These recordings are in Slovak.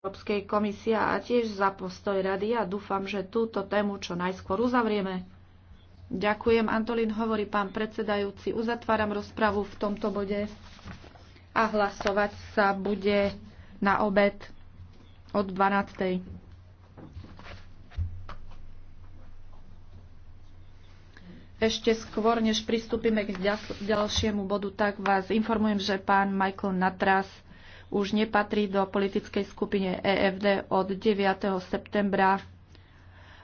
Európskej komisie a tiež za postoj rady a dúfam, že túto tému čo najskôr uzavrieme. Ďakujem, Antolín hovorí pán predsedajúci. Uzatváram rozpravu v tomto bode a hlasovať sa bude na obed od 12.00. Ešte skôr, než pristúpime k ďalšiemu bodu, tak vás informujem, že pán Michael Natras už nepatrí do politickej skupine EFD od 9. septembra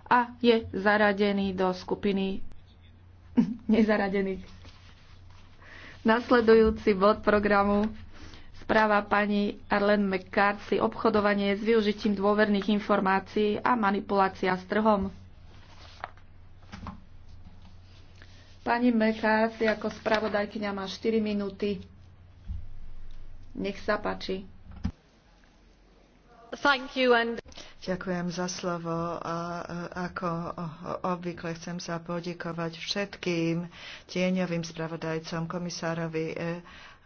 a je zaradený do skupiny nezaradených. Nasledujúci bod programu správa pani Arlen McCarthy obchodovanie s využitím dôverných informácií a manipulácia s trhom. Pani McCarthy ako spravodajkyňa má 4 minúty. Nech sa páči. And... Ďakujem za slovo a ako obvykle chcem sa podikovať všetkým tieňovým spravodajcom, komisárovi e,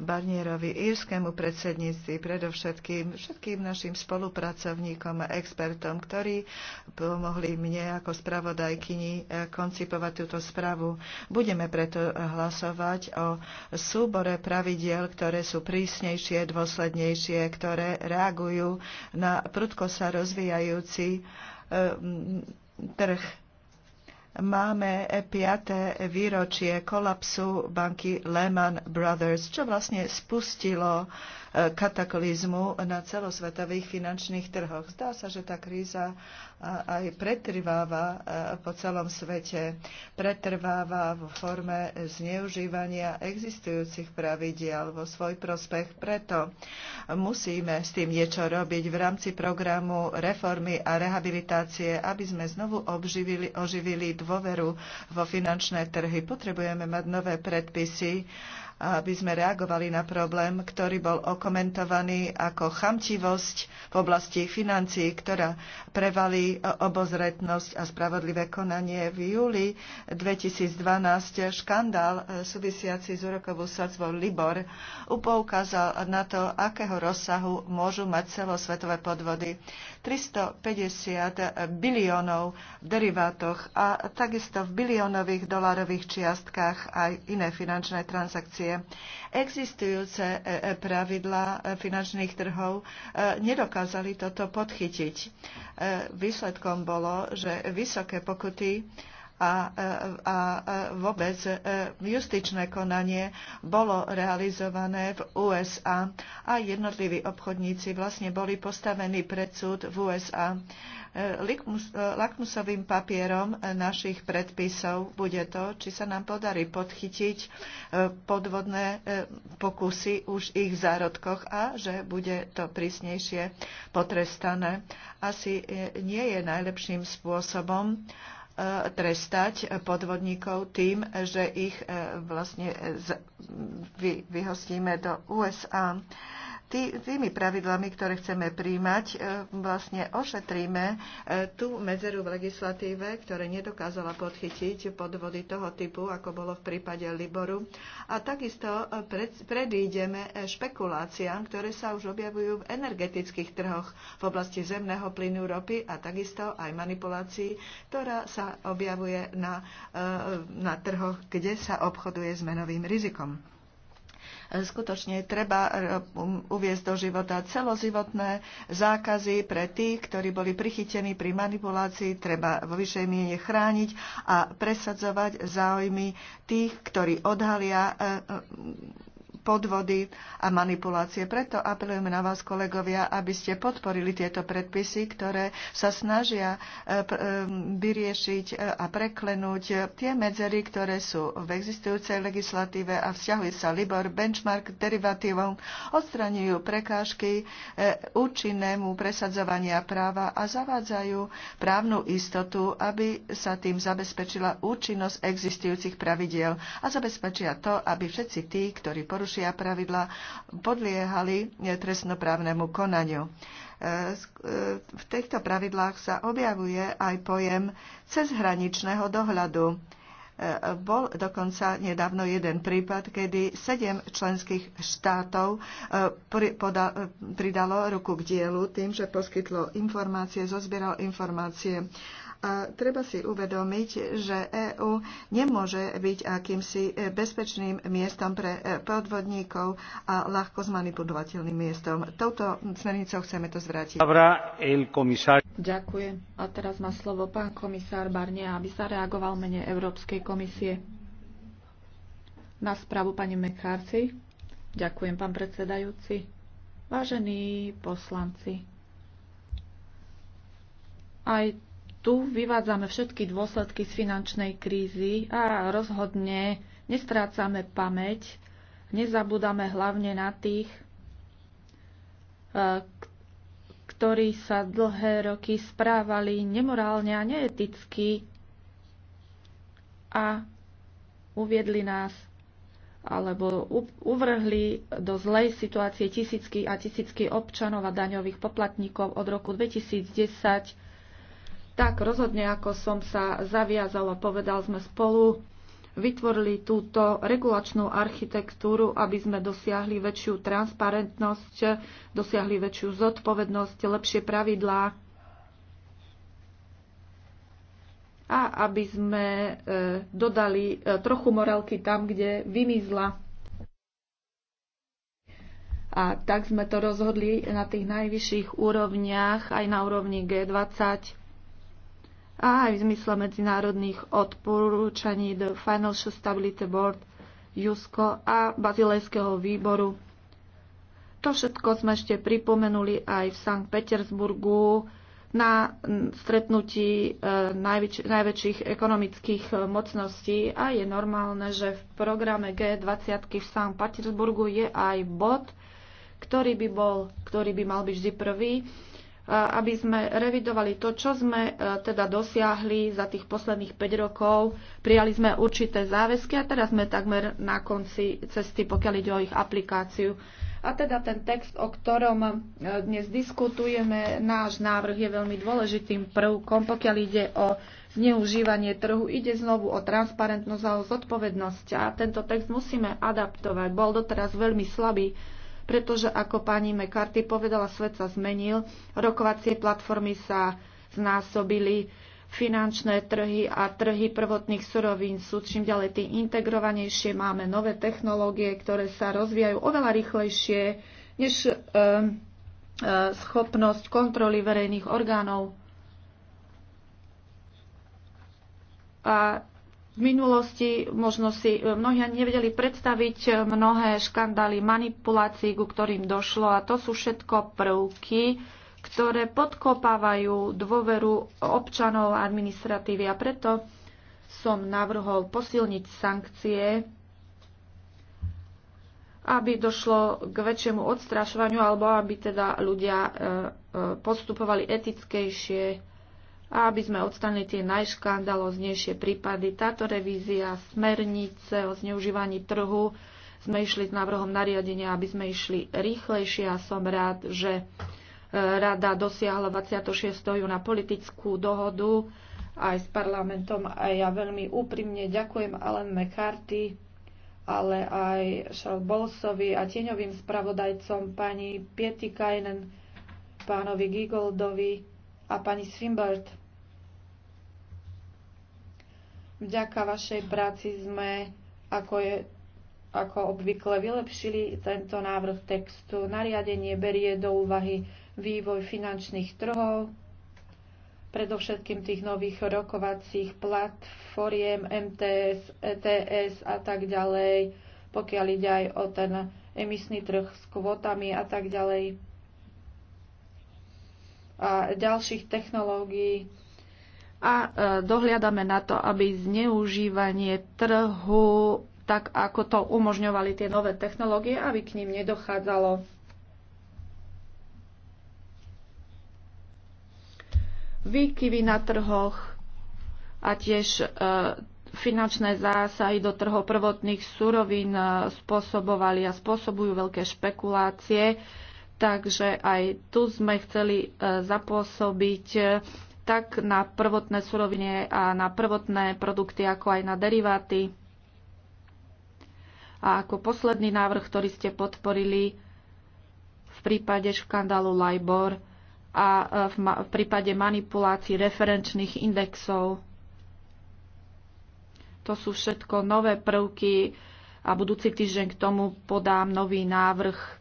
Barnierovi, írskému predsedníctvi, predovšetkým všetkým našim spolupracovníkom a expertom, ktorí pomohli mne ako spravodajkyni eh, koncipovať túto správu. Budeme preto hlasovať o súbore pravidiel, ktoré sú prísnejšie, dôslednejšie, ktoré reagujú na prudko sa rozvíjajúci eh, trh máme 5. výročie kolapsu banky Lehman Brothers, čo vlastne spustilo kataklizmu na celosvetových finančných trhoch. Zdá sa, že tá kríza aj pretrváva e, po celom svete. Pretrváva v forme zneužívania existujúcich pravidiel vo svoj prospech. Preto musíme s tým niečo robiť v rámci programu reformy a rehabilitácie, aby sme znovu obživili, oživili dôveru vo finančné trhy. Potrebujeme mať nové predpisy aby sme reagovali na problém, ktorý bol okomentovaný ako chamtivosť v oblasti financií, ktorá prevalí obozretnosť a spravodlivé konanie. V júli 2012 škandál e, súvisiaci s úrokovou sadzbou Libor upoukázal na to, akého rozsahu môžu mať celosvetové podvody. 350 biliónov v derivátoch a takisto v biliónových dolárových čiastkách aj iné finančné transakcie zdroje. Existujúce e, e, pravidlá e, finančných trhov nedokázali toto podchytiť. Výsledkom bolo, že vysoké pokuty a, a vôbec justičné konanie bolo realizované v USA a jednotliví obchodníci vlastne boli postavení pred súd v USA likmus, lakmusovým papierom našich predpisov bude to, či sa nám podarí podchytiť e, podvodné e, pokusy už ich zárodkoch a že bude to prísnejšie potrestané. Asi e, nie je najlepším spôsobom trestať podvodníkov tým, že ich vlastne vyhostíme do USA tý, tými pravidlami, ktoré chceme príjmať, e, vlastne ošetríme e, tú medzeru v legislatíve, ktoré nedokázala podchytiť podvody toho typu, ako bolo v prípade Liboru. A takisto e, pred, predídeme špekuláciám, ktoré sa už objavujú v energetických trhoch v oblasti zemného plynu ropy a takisto aj manipulácií, ktorá sa objavuje na, na trhoch, kde sa obchoduje s menovým rizikom. Skutočne treba e, um, uviezť do života celoživotné zákazy pre tých, ktorí boli prichytení pri manipulácii. Treba vo vyššej miene chrániť a presadzovať záujmy tých, ktorí odhalia e, e, podvody a manipulácie. Preto apelujeme na vás, kolegovia, aby ste podporili tieto predpisy, ktoré sa snažia e, e, vyriešiť e, a preklenúť tie medzery, ktoré sú v existujúcej legislatíve a vzťahuje sa Libor benchmark derivatívom, odstraňujú prekážky účinnému presadzovania práva a zavádzajú právnu istotu, aby sa tým zabezpečila účinnosť existujúcich pravidiel a zabezpečia to, aby všetci tí, ktorí porušia terajšia pravidla podliehali trestnoprávnemu konaniu. E, e, v týchto pravidlách sa objavuje aj pojem cezhraničného dohľadu. E, bol dokonca nedávno jeden prípad, kedy sedem členských štátov pridalo ruku k dielu tým, že poskytlo informácie, zozbieral informácie a treba si uvedomiť, že EÚ nemôže byť akýmsi bezpečným miestom pre e, podvodníkov a ľahko zmanipulovateľným miestom. Touto smernicou chceme to zvrátiť. Ďakujem. A teraz má slovo pán komisár Barnier, aby sa reagoval mene Európskej komisie. Na správu pani Mekárci. Ďakujem, pán predsedajúci. Vážení poslanci, aj tu vyvádzame všetky dôsledky z finančnej krízy a rozhodne nestrácame pamäť, nezabúdame hlavne na tých, e, ktorí sa dlhé roky správali nemorálne a neeticky a uviedli nás alebo uvrhli do zlej situácie tisícky a tisícky občanov a daňových poplatníkov od roku 2010 tak rozhodne, ako som sa zaviazala, povedal, sme spolu vytvorili túto regulačnú architektúru, aby sme dosiahli väčšiu transparentnosť, dosiahli väčšiu zodpovednosť, lepšie pravidlá a aby sme e, dodali e, trochu morálky tam, kde vymizla. A tak sme to rozhodli na tých najvyšších úrovniach, aj na úrovni G20 a aj v zmysle medzinárodných odporúčaní The Financial Stability Board, JUSCO a Bazilejského výboru. To všetko sme ešte pripomenuli aj v Sankt Petersburgu na stretnutí e, najväč- najväčších ekonomických e, mocností a je normálne, že v programe G20 v Sankt Petersburgu je aj bod, ktorý by, bol, ktorý by mal byť vždy prvý aby sme revidovali to, čo sme e, teda dosiahli za tých posledných 5 rokov. Prijali sme určité záväzky a teraz sme takmer na konci cesty, pokiaľ ide o ich aplikáciu. A teda ten text, o ktorom e, dnes diskutujeme, náš návrh je veľmi dôležitým prvkom, pokiaľ ide o zneužívanie trhu. Ide znovu o transparentnosť a o zodpovednosť. A tento text musíme adaptovať. Bol doteraz veľmi slabý pretože ako pani McCarthy povedala, svet sa zmenil, rokovacie platformy sa znásobili, finančné trhy a trhy prvotných surovín sú čím ďalej tým integrovanejšie, máme nové technológie, ktoré sa rozvíjajú oveľa rýchlejšie než e, e, schopnosť kontroly verejných orgánov. A v minulosti možno si e, mnohia nevedeli predstaviť e, mnohé škandály manipulácií, ku ktorým došlo a to sú všetko prvky, ktoré podkopávajú dôveru občanov a administratívy a preto som navrhol posilniť sankcie, aby došlo k väčšiemu odstrašovaniu alebo aby teda ľudia e, postupovali etickejšie a aby sme odstali tie najškandaloznejšie prípady. Táto revízia smernice o zneužívaní trhu sme išli s návrhom nariadenia, aby sme išli rýchlejšie a som rád, že e, rada dosiahla 26. júna politickú dohodu aj s parlamentom a ja veľmi úprimne ďakujem Alan McCarthy, ale aj Charles Bolsovi a tieňovým spravodajcom pani Pieti pánovi Gigoldovi a pani Swimbert Vďaka vašej práci sme, ako, je, ako obvykle, vylepšili tento návrh textu. Nariadenie berie do úvahy vývoj finančných trhov, predovšetkým tých nových rokovacích platformiem MTS, ETS a tak ďalej, pokiaľ ide aj o ten emisný trh s kvotami a tak ďalej a ďalších technológií a e, dohliadame na to, aby zneužívanie trhu, tak ako to umožňovali tie nové technológie, aby k ním nedochádzalo. Výkyvy na trhoch a tiež e, finančné zásahy do trhov prvotných surovín e, spôsobovali a spôsobujú veľké špekulácie, takže aj tu sme chceli zapôsobiť tak na prvotné surovine a na prvotné produkty, ako aj na deriváty. A ako posledný návrh, ktorý ste podporili v prípade škandálu LIBOR a e, v, prípade manipulácií referenčných indexov. To sú všetko nové prvky a budúci týždeň k tomu podám nový návrh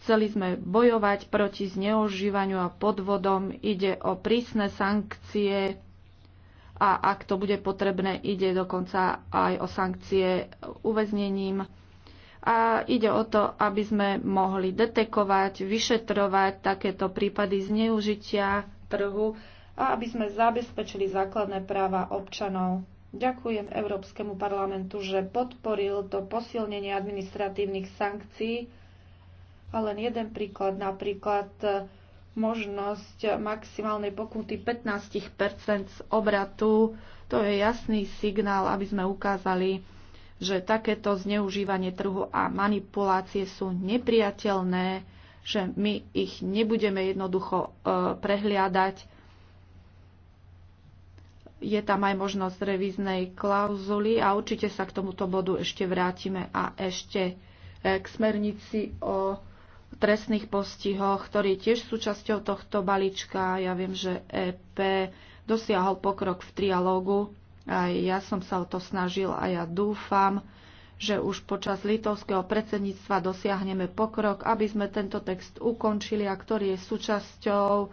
Chceli sme bojovať proti zneužívaniu a podvodom. Ide o prísne sankcie a ak to bude potrebné, ide dokonca aj o sankcie uväznením. A ide o to, aby sme mohli detekovať, vyšetrovať takéto prípady zneužitia trhu a aby sme zabezpečili základné práva občanov. Ďakujem Európskemu parlamentu, že podporil to posilnenie administratívnych sankcií a len jeden príklad, napríklad e, možnosť maximálnej pokuty 15 z obratu. To je jasný signál, aby sme ukázali, že takéto zneužívanie trhu a manipulácie sú nepriateľné, že my ich nebudeme jednoducho e, prehliadať. Je tam aj možnosť revíznej klauzuly a určite sa k tomuto bodu ešte vrátime a ešte e, k smernici o trestných postihoch, ktorý je tiež súčasťou tohto balíčka. Ja viem, že EP dosiahol pokrok v trialógu. Aj ja som sa o to snažil a ja dúfam, že už počas litovského predsedníctva dosiahneme pokrok, aby sme tento text ukončili a ktorý je súčasťou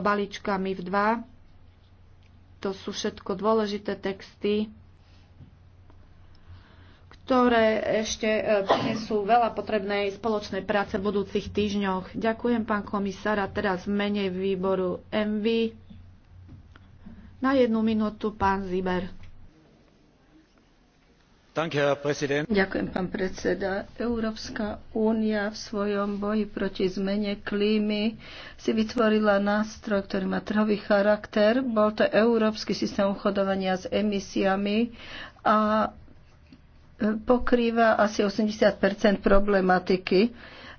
balíčka MIF2. To sú všetko dôležité texty ktoré ešte e, prinesú veľa potrebnej spoločnej práce v budúcich týždňoch. Ďakujem, pán komisár, a teraz menej výboru MV. Na jednu minútu pán Ziber. Ďakujem, pán predseda. Európska únia v svojom boji proti zmene klímy si vytvorila nástroj, ktorý má trhový charakter. Bol to európsky systém uchodovania s emisiami a pokrýva asi 80 problematiky,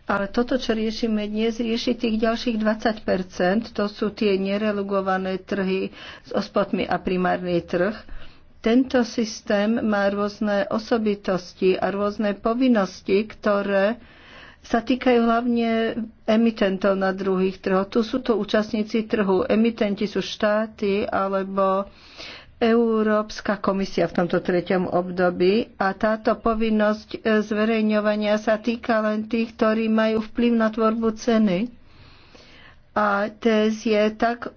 ale toto, čo riešime dnes, rieši tých ďalších 20 to sú tie nerelugované trhy s ospotmi a primárny trh. Tento systém má rôzne osobitosti a rôzne povinnosti, ktoré sa týkajú hlavne emitentov na druhých trhoch. Tu sú to účastníci trhu. Emitenti sú štáty alebo Európska komisia v tomto treťom období a táto povinnosť e, zverejňovania sa týka len tých, ktorí majú vplyv na tvorbu ceny. A TES je tak e,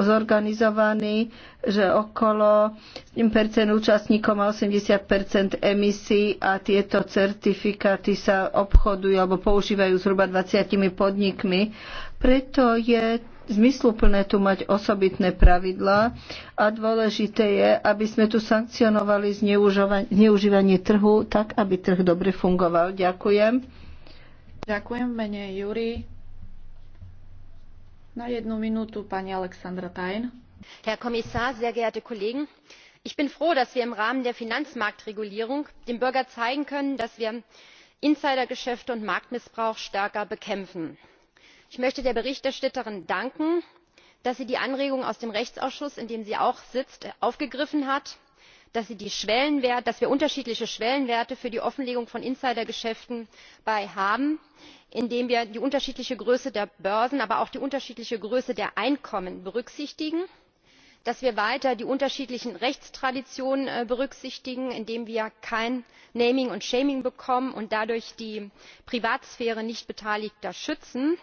zorganizovaný, že okolo 7% účastníkov má 80% emisí a tieto certifikáty sa obchodujú alebo používajú zhruba 20 podnikmi. Preto je zmysluplné tu mať osobitné pravidlá a dôležité je, aby sme tu sankcionovali zneužívanie trhu tak, aby trh dobre fungoval. Ďakujem. Ďakujem mene Juri. Na jednu minútu pani Alexandra Tajn. Herr Kommissar, sehr geehrte Kollegen, ich bin froh, dass wir im Rahmen der Finanzmarktregulierung dem Bürger zeigen können, dass wir Insidergeschäfte und Marktmissbrauch stärker bekämpfen ich möchte der berichterstatterin danken dass sie die anregung aus dem rechtsausschuss in dem sie auch sitzt aufgegriffen hat dass wir unterschiedliche schwellenwerte für die offenlegung von insidergeschäften haben indem wir die unterschiedliche größe der börsen aber auch die unterschiedliche größe der einkommen berücksichtigen dass wir weiter die unterschiedlichen rechtstraditionen äh, berücksichtigen indem wir kein naming and shaming bekommen und dadurch die privatsphäre nichtbeteiligter schützen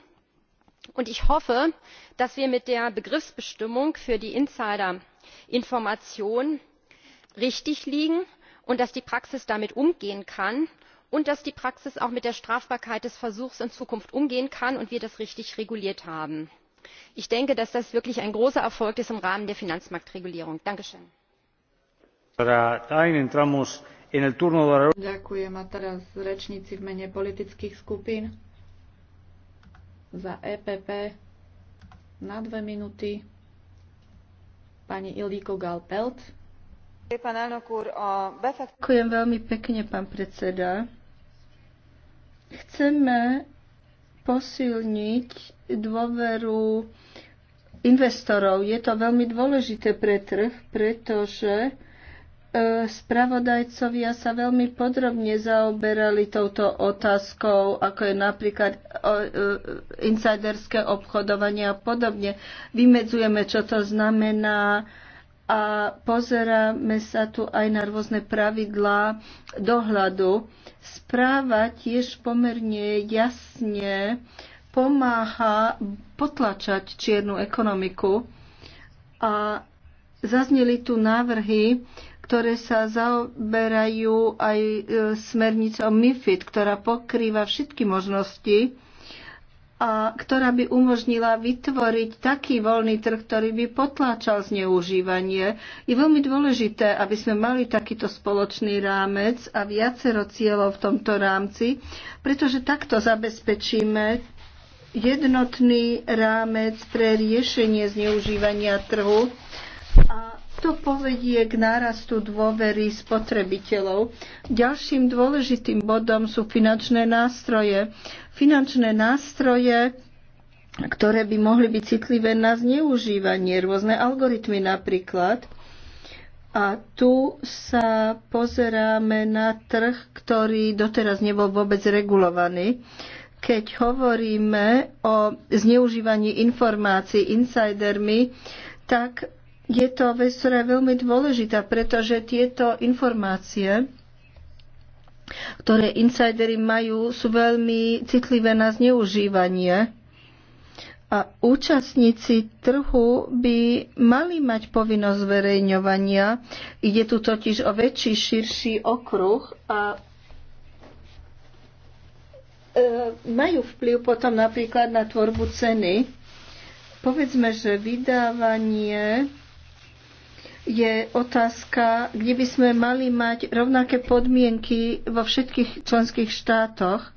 und ich hoffe dass wir mit der begriffsbestimmung für die Insider Information richtig liegen und dass die praxis damit umgehen kann und dass die praxis auch mit der strafbarkeit des versuchs in zukunft umgehen kann und wir das richtig reguliert haben. ich denke dass das wirklich ein großer erfolg im rahmen der finanzmarktregulierung ist za EPP na dve minúty pani Ildiko Galpelt. Ďakujem veľmi pekne, pán predseda. Chceme posilniť dôveru investorov. Je to veľmi dôležité pre trh, pretože Spravodajcovia sa veľmi podrobne zaoberali touto otázkou, ako je napríklad e, insiderské obchodovanie a podobne. Vymedzujeme, čo to znamená a pozeráme sa tu aj na rôzne pravidlá dohľadu. Správa tiež pomerne jasne pomáha potlačať čiernu ekonomiku a Zazneli tu návrhy, ktoré sa zaoberajú aj e, smernicou MIFID, ktorá pokrýva všetky možnosti a ktorá by umožnila vytvoriť taký voľný trh, ktorý by potláčal zneužívanie. Je veľmi dôležité, aby sme mali takýto spoločný rámec a viacero cieľov v tomto rámci, pretože takto zabezpečíme jednotný rámec pre riešenie zneužívania trhu a to povedie k nárastu dôvery spotrebiteľov. Ďalším dôležitým bodom sú finančné nástroje. Finančné nástroje ktoré by mohli byť citlivé na zneužívanie, rôzne algoritmy napríklad. A tu sa pozeráme na trh, ktorý doteraz nebol vôbec regulovaný. Keď hovoríme o zneužívaní informácií insidermi, tak je to vec, ktorá je veľmi dôležitá, pretože tieto informácie, ktoré insidery majú, sú veľmi citlivé na zneužívanie. A účastníci trhu by mali mať povinnosť zverejňovania. Ide tu totiž o väčší, širší okruh a e, majú vplyv potom napríklad na tvorbu ceny. Povedzme, že vydávanie je otázka, kde by sme mali mať rovnaké podmienky vo všetkých členských štátoch.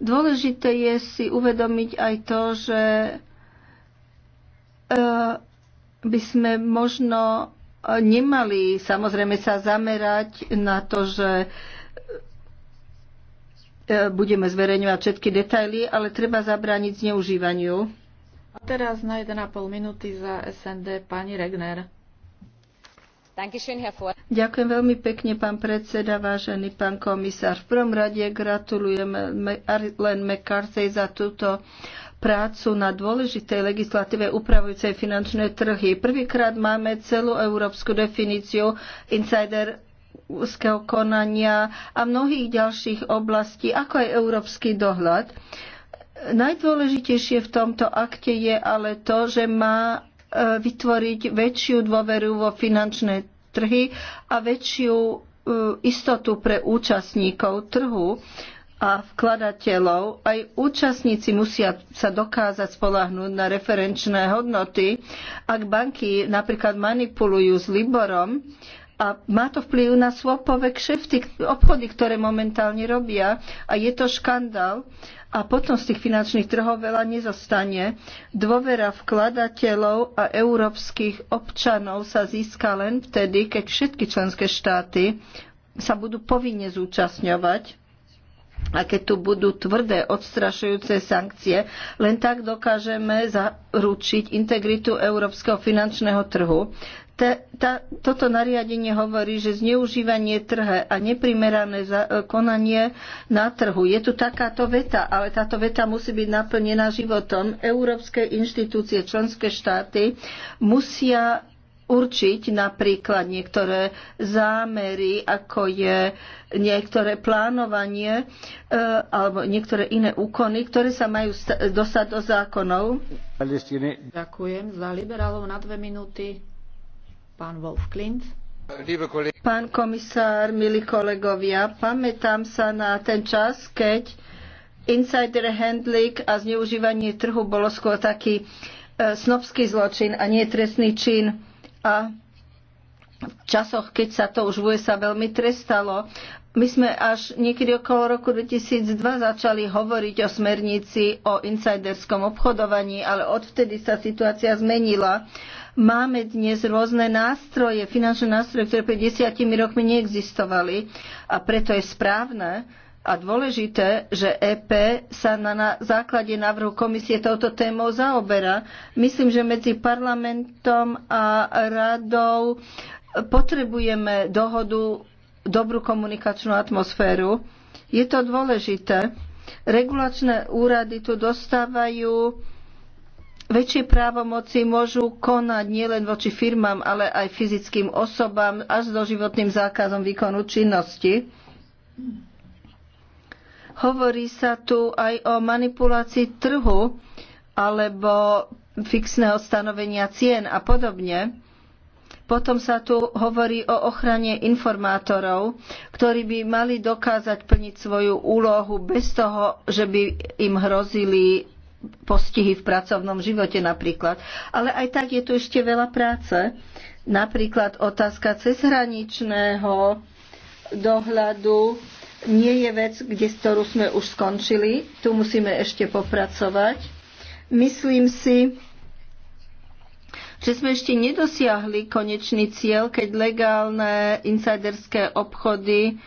Dôležité je si uvedomiť aj to, že e, by sme možno e, nemali samozrejme sa zamerať na to, že budeme zverejňovať všetky detaily, ale treba zabrániť zneužívaniu. A teraz na 1,5 minúty za SND pani Regner. Ďakujem veľmi pekne, pán predseda, vážený pán komisár. V prvom rade gratulujem Arlen McCarthy za túto prácu na dôležitej legislatíve upravujúcej finančné trhy. Prvýkrát máme celú európsku definíciu insider úzkeho konania a mnohých ďalších oblastí, ako je európsky dohľad. Najdôležitejšie v tomto akte je ale to, že má e, vytvoriť väčšiu dôveru vo finančné trhy a väčšiu e, istotu pre účastníkov trhu a vkladateľov. Aj účastníci musia sa dokázať spolahnúť na referenčné hodnoty. Ak banky napríklad manipulujú s Liborom, a má to vplyv na swapové kšefty, obchody, ktoré momentálne robia a je to škandál a potom z tých finančných trhov veľa nezostane. Dôvera vkladateľov a európskych občanov sa získa len vtedy, keď všetky členské štáty sa budú povinne zúčastňovať a keď tu budú tvrdé odstrašujúce sankcie, len tak dokážeme zaručiť integritu európskeho finančného trhu. ta, toto nariadenie hovorí, že zneužívanie trhe a neprimerané e, konanie na trhu. Je tu takáto veta, ale táto veta musí byť naplnená životom. Európske inštitúcie, členské štáty musia určiť napríklad niektoré zámery, ako je niektoré plánovanie e, alebo niektoré iné úkony, ktoré sa majú dostať do zákonov. Ďakujem za liberálov na dve minúty. Pán Wolf Klint. Pán komisár, milí kolegovia, pamätám sa na ten čas, keď insider handling a zneužívanie trhu bolo skôr taký e, snobský zločin a nie trestný čin a v časoch, keď sa to už v USA veľmi trestalo, my sme až niekedy okolo roku 2002 začali hovoriť o smernici o insiderskom obchodovaní, ale odvtedy sa situácia zmenila. Máme dnes rôzne nástroje, finančné nástroje, ktoré pred desiatimi rokmi neexistovali a preto je správne, a dôležité, že EP sa na, na základe návrhu komisie touto témou zaoberá. Myslím, že medzi parlamentom a radou potrebujeme dohodu, dobrú komunikačnú atmosféru. Je to dôležité. Regulačné úrady tu dostávajú väčšie právomoci môžu konať nielen voči firmám, ale aj fyzickým osobám až s doživotným zákazom výkonu činnosti. Hovorí sa tu aj o manipulácii trhu alebo fixného stanovenia cien a podobne. Potom sa tu hovorí o ochrane informátorov, ktorí by mali dokázať plniť svoju úlohu bez toho, že by im hrozili postihy v pracovnom živote napríklad. Ale aj tak je tu ešte veľa práce. Napríklad otázka cezhraničného dohľadu nie je vec, kde, ktorú sme už skončili. Tu musíme ešte popracovať. Myslím si, že sme ešte nedosiahli konečný cieľ, keď legálne insiderské obchody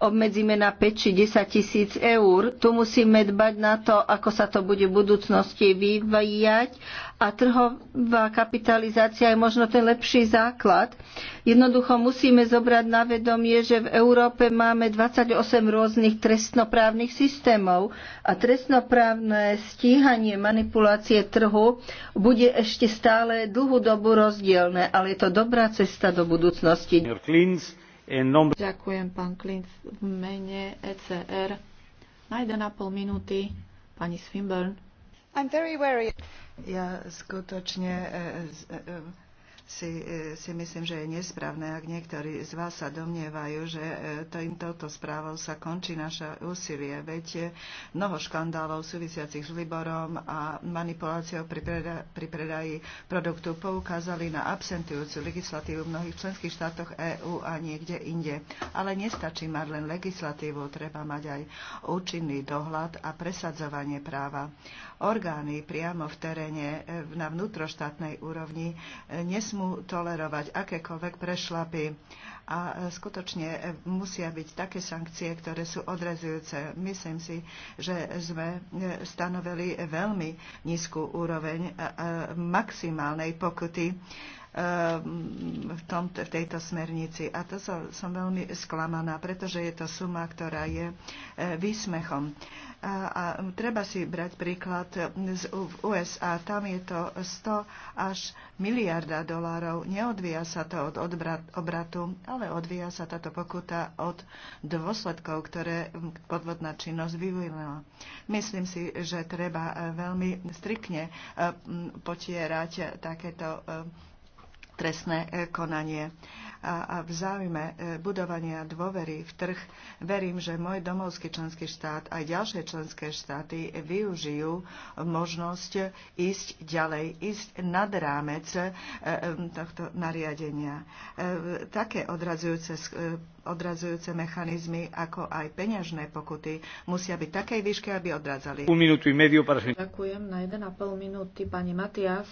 obmedzíme na 5 či 10 tisíc eur. Tu musíme dbať na to, ako sa to bude v budúcnosti vyvíjať a trhová kapitalizácia je možno ten lepší základ. Jednoducho musíme zobrať na vedomie, že v Európe máme 28 rôznych trestnoprávnych systémov a trestnoprávne stíhanie manipulácie trhu bude ešte stále dlhú dobu rozdielne, ale je to dobrá cesta do budúcnosti. Ďakujem, pán Klinc. V mene ECR na 1,5 minúty pani Swinburne. I'm very wary. Ja skutočne e, e, si, e, si myslím, že je nesprávne, ak niektorí z vás sa domnievajú, že e, to im touto správou sa končí naše úsilie. Veď e, mnoho škandálov súvisiacich s Liborom a manipuláciou pri, preda- pri predaji produktu poukázali na absentujúcu legislatívu v mnohých členských štátoch EÚ a niekde inde. Ale nestačí mať len legislatívu, treba mať aj účinný dohľad a presadzovanie práva orgány priamo v teréne e, na vnútroštátnej úrovni e, nesmú tolerovať akékoľvek prešlapy a e, skutočne musia byť také sankcie, ktoré sú odrezujúce. Myslím si, že sme stanovili veľmi nízku úroveň maximálnej pokuty Ehm, v, tom, v tejto smernici. A to som, som veľmi sklamaná, pretože je to suma, ktorá je e, výsmechom. A, a treba si brať príklad z USA. Tam je to 100 až miliarda dolárov. Neodvíja sa to od odbrat, obratu, ale odvíja sa táto pokuta od dôsledkov, ktoré podvodná činnosť vyvinula. Myslím si, že treba e, veľmi striktne e, potierať takéto trestné e, konanie. A, a v záujme e, budovania dôvery v trh verím, že môj domovský členský štát a ďalšie členské štáty využijú možnosť ísť ďalej, ísť nad rámec e, tohto nariadenia. Také odrazujúce odrazujúce mechanizmy, ako aj peňažné pokuty, musia byť takej výške, aby odrazali. Ďakujem na 1,5 minúty pani Matias.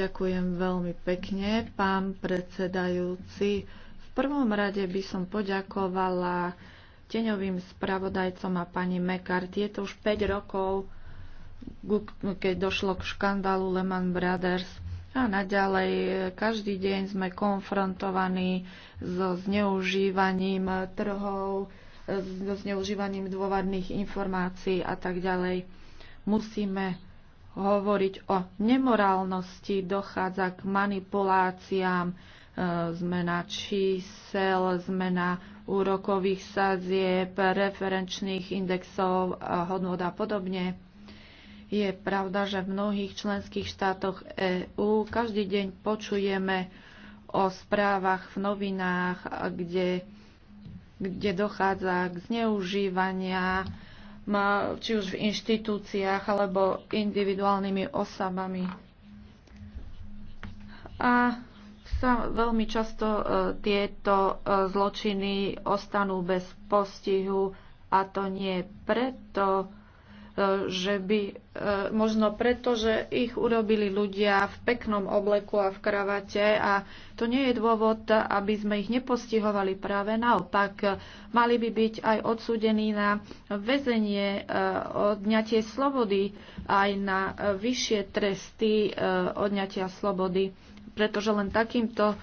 Ďakujem veľmi pekne, pán predsedajúci. V prvom rade by som poďakovala teňovým spravodajcom a pani McCarthy. Je to už 5 rokov, keď došlo k škandálu Lehman Brothers. A naďalej každý deň sme konfrontovaní so zneužívaním trhov, so zneužívaním dôvodných informácií a tak ďalej. Musíme hovoriť o nemorálnosti, dochádza k manipuláciám, e, zmena čísel, zmena úrokových sadzieb, referenčných indexov, e, hodnot a podobne. Je pravda, že v mnohých členských štátoch EÚ každý deň počujeme o správach v novinách, kde, kde dochádza k zneužívania má, či už v inštitúciách alebo individuálnymi osobami. A sa veľmi často e, tieto e, zločiny ostanú bez postihu a to nie preto, E, že by e, možno preto, že ich urobili ľudia v peknom obleku a v kravate a to nie je dôvod, aby sme ich nepostihovali práve naopak. Mali by byť aj odsúdení na väzenie, e, odňatie slobody, aj na vyššie tresty odňatia slobody, pretože len takýmto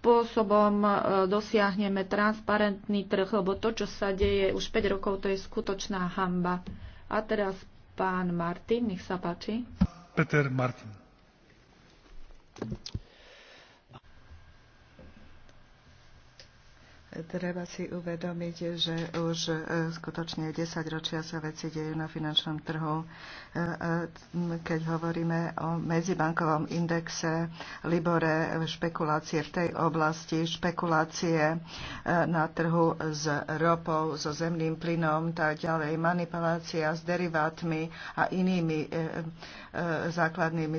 spôsobom dosiahneme transparentný trh, lebo to, čo sa deje už 5 rokov, to je skutočná hamba. A teraz pán Martin, nech sa páči. Peter Martin. Treba si uvedomiť, že už e, skutočne 10 ročia sa veci dejú na finančnom trhu. E, e, keď hovoríme o medzibankovom indexe, Libore, špekulácie v tej oblasti, špekulácie na trhu s ropou, so zemným plynom, tak ďalej, manipulácia s derivátmi a inými základnými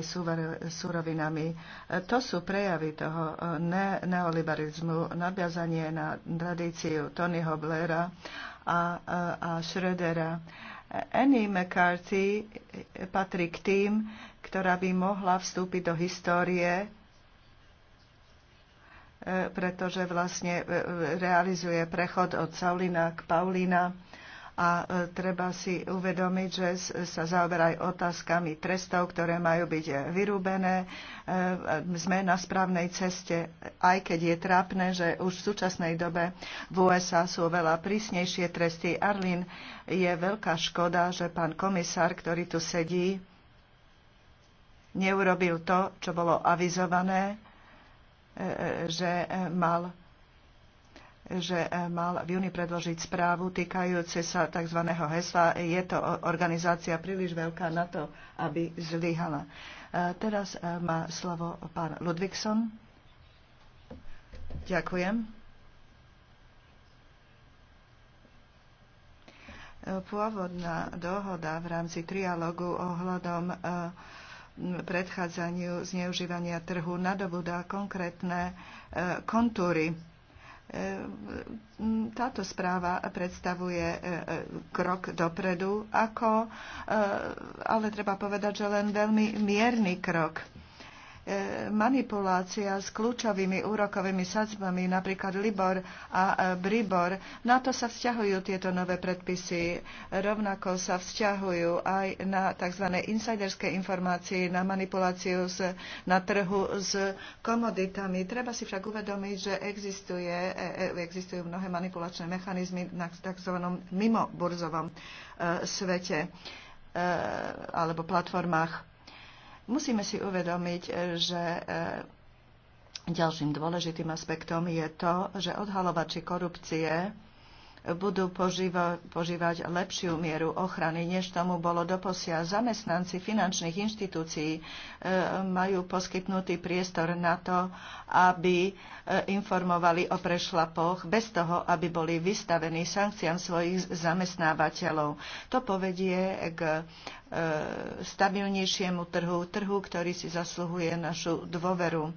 surovinami. To sú prejavy toho neoliberalizmu, nadviazanie na tradíciu Tonyho Blaira a, a, a Schrödera. Annie McCarthy patrí k tým, ktorá by mohla vstúpiť do histórie, e, pretože vlastne e, e, realizuje prechod od Saulina k Paulina a e, treba si uvedomiť, že sa zaoberá aj otázkami trestov, ktoré majú byť e, vyrúbené. E, sme na správnej ceste, aj keď je trápne, že už v súčasnej dobe v USA sú veľa prísnejšie tresty. Arlin, je veľká škoda, že pán komisár, ktorý tu sedí, neurobil to, čo bolo avizované, že mal že e, mal v júni predložiť správu týkajúce sa tzv. hesla Je to organizácia príliš veľká na to, aby zlyhala. E, teraz e, má slovo pán Ludvíkson. Ďakujem. Pôvodná dohoda v rámci trialogu ohľadom predchádzaniu zneužívania trhu nadobúda konkrétne kontúry táto správa predstavuje e, e, krok dopredu, ako, e, ale treba povedať, že len veľmi mierny krok E, manipulácia s kľúčovými úrokovými sadzbami, napríklad Libor a e, Bribor. Na to sa vzťahujú tieto nové predpisy. Rovnako sa vzťahujú aj na tzv. insiderské informácie, na manipuláciu z, na trhu s komoditami. Treba si však uvedomiť, že existuje, e, existujú mnohé manipulačné mechanizmy na tzv. mimoburzovom svete alebo platformách Musíme si uvedomiť, že e, ďalším dôležitým aspektom je to, že odhalovači korupcie budú požíva, požívať lepšiu mieru ochrany, než tomu bolo doposiaľ. Zamestnanci finančných inštitúcií e, majú poskytnutý priestor na to, aby e, informovali o prešlapoch bez toho, aby boli vystavení sankciám svojich zamestnávateľov. To povedie k e, stabilnejšiemu trhu, trhu, ktorý si zasluhuje našu dôveru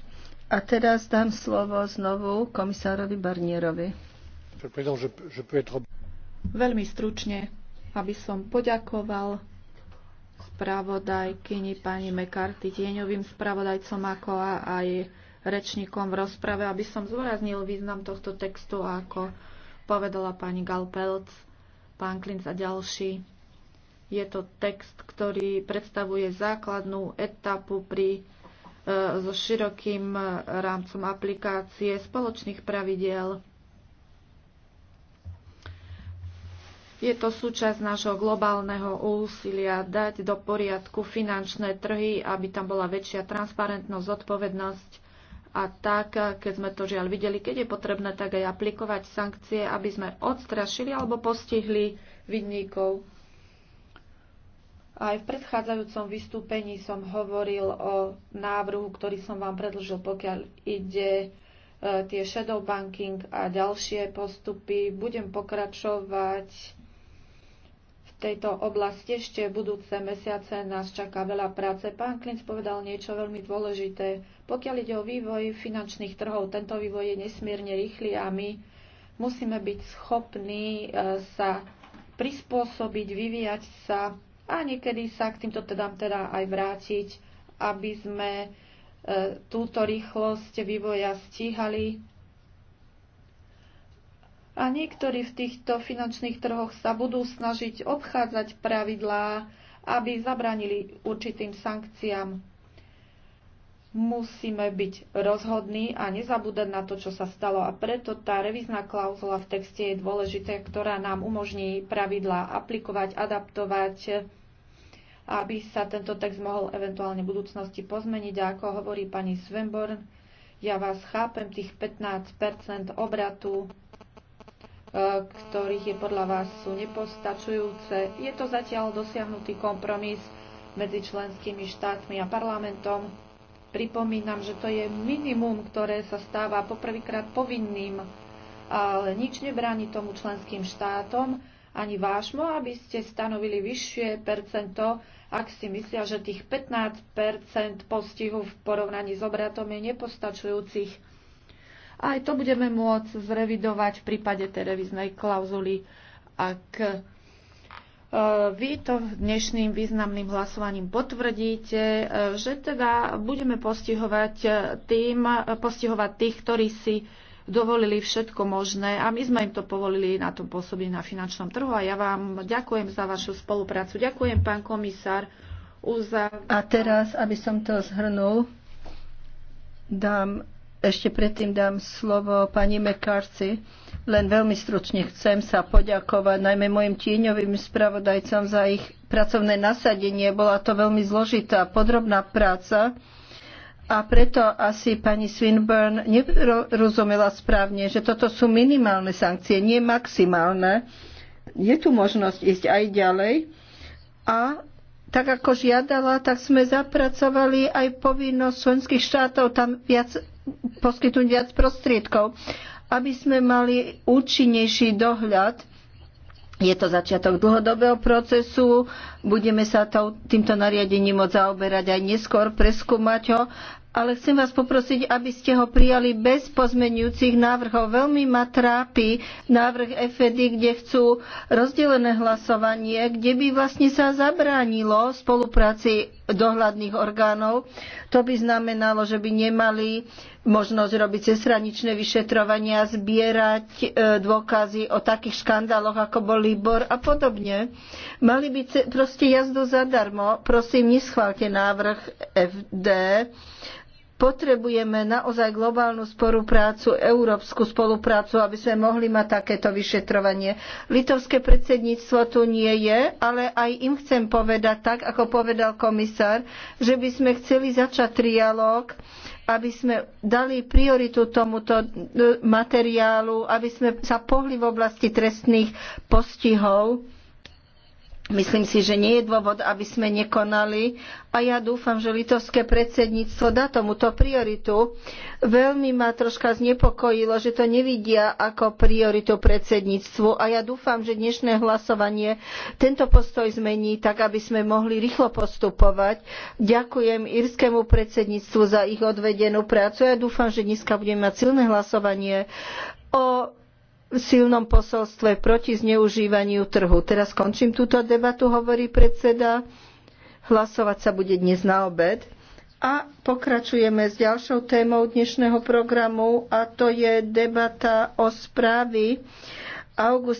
A teraz dám slovo znovu komisárovi Barnierovi. Veľmi stručne, aby som poďakoval spravodajkyni pani McCarthy, tieňovým spravodajcom ako aj rečníkom v rozprave, aby som zúraznil význam tohto textu, ako povedala pani Galpelc, pán Klinc a ďalší. Je to text, ktorý predstavuje základnú etapu pri so širokým eh, rámcom aplikácie spoločných pravidiel. Je to súčasť nášho globálneho úsilia dať do poriadku finančné trhy, aby tam bola väčšia transparentnosť, zodpovednosť a tak, eh, keď sme to žiaľ videli, keď je potrebné, tak aj aplikovať sankcie, aby sme odstrašili alebo postihli vidníkov. Aj v predchádzajúcom vystúpení som hovoril o návrhu, ktorý som vám predlžil, pokiaľ ide e, tie shadow banking a ďalšie postupy. Budem pokračovať v tejto oblasti. Ešte budúce mesiace nás čaká veľa práce. Pán Klinc povedal niečo veľmi dôležité. Pokiaľ ide o vývoj finančných trhov, tento vývoj je nesmierne rýchly a my musíme byť schopní e, sa prispôsobiť, vyvíjať sa a niekedy sa k týmto teda, teda aj vrátiť, aby sme e, túto rýchlosť vývoja stíhali. A niektorí v týchto finančných trhoch sa budú snažiť obchádzať pravidlá, aby zabranili určitým sankciám. Musíme byť rozhodní a nezabúdať na to, čo sa stalo. A preto tá revizná klauzula v texte je dôležitá, ktorá nám umožní pravidlá aplikovať, adaptovať aby sa tento text mohol eventuálne v budúcnosti pozmeniť. A ako hovorí pani Svenborn, ja vás chápem tých 15 obratu, e, ktorých je podľa vás sú nepostačujúce. Je to zatiaľ dosiahnutý kompromis medzi členskými štátmi a parlamentom. Pripomínam, že to je minimum, ktoré sa stáva poprvýkrát povinným, ale nič nebráni tomu členským štátom, ani vášmo, aby ste stanovili vyššie percento, ak si myslia, že tých 15 postihu v porovnaní s obratom je nepostačujúcich. Aj to budeme môcť zrevidovať v prípade tej revíznej klauzuly, ak e, vy to dnešným významným hlasovaním potvrdíte, e, že teda budeme postihovať, e, tým, postihovať tých, ktorí si dovolili všetko možné a my sme im to povolili na tom pôsobí na finančnom trhu a ja vám ďakujem za vašu spoluprácu. Ďakujem, pán komisár. Uza... A teraz, aby som to zhrnul, dám, ešte predtým dám slovo pani mekarci. Len veľmi stručne chcem sa poďakovať najmä mojim tieňovým spravodajcom za ich pracovné nasadenie. Bola to veľmi zložitá, podrobná práca a preto asi pani Swinburne nerozumela správne, že toto sú minimálne sankcie, nie maximálne. Je tu možnosť ísť aj ďalej. A tak ako žiadala, tak sme zapracovali aj povinnosť členských štátov tam viac, poskytnúť viac prostriedkov, aby sme mali účinnejší dohľad je to začiatok dlhodobého procesu, budeme sa týmto nariadením môcť zaoberať aj neskôr, preskúmať ho ale chcem vás poprosiť, aby ste ho prijali bez pozmenujúcich návrhov. Veľmi ma trápi návrh EFEDY, kde chcú rozdelené hlasovanie, kde by vlastne sa zabránilo spolupráci dohľadných orgánov. To by znamenalo, že by nemali možnosť robiť cezhraničné vyšetrovania, zbierať e, dôkazy o takých škandáloch, ako bol Libor a podobne. Mali by proste jazdu zadarmo. Prosím, neschválte návrh FD Potrebujeme naozaj globálnu spoluprácu, európsku spoluprácu, aby sme mohli mať takéto vyšetrovanie. Litovské predsedníctvo tu nie je, ale aj im chcem povedať tak, ako povedal komisár, že by sme chceli začať trialóg aby sme dali prioritu tomuto e, materiálu, aby sme sa pohli v oblasti trestných postihov. Myslím si, že nie je dôvod, aby sme nekonali a ja dúfam, že litovské predsedníctvo dá tomuto prioritu. Veľmi ma troška znepokojilo, že to nevidia ako prioritu predsedníctvu a ja dúfam, že dnešné hlasovanie tento postoj zmení tak, aby sme mohli rýchlo postupovať. Ďakujem írskému predsedníctvu za ich odvedenú prácu. Ja dúfam, že dneska budeme mať silné hlasovanie o silnom posolstve proti zneužívaniu trhu. Teraz končím túto debatu, hovorí predseda. Hlasovať sa bude dnes na obed. A pokračujeme s ďalšou témou dnešného programu a to je debata o správy August